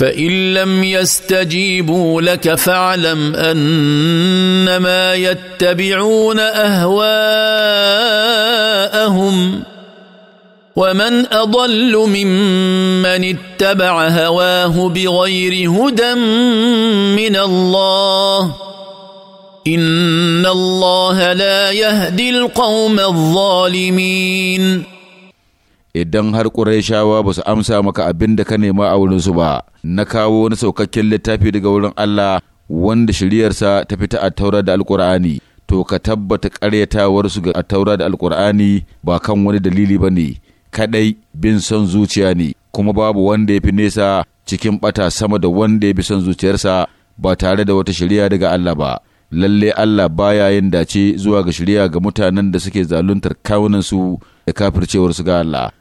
فان لم يستجيبوا لك فاعلم انما يتبعون اهواءهم ومن اضل ممن اتبع هواه بغير هدى من الله ان الله لا يهدي القوم الظالمين idan har ƙurayshawa ba su amsa maka abin da ka nema a wurinsu ba na kawo wani saukakken littafi daga wurin Allah wanda shiryarsa ta fita a taura da alƙur'ani to ka tabbata ƙaryatawarsu ga taura da alƙur'ani ba kan wani dalili ba ne kaɗai bin son zuciya ne kuma babu wanda ya fi nesa cikin ɓata sama da wanda ya fi son zuciyarsa ba tare da wata shirya daga Allah ba lalle Allah baya yin dace zuwa ga shirya ga mutanen da suke zaluntar kawunansu da kafircewarsu ga Allah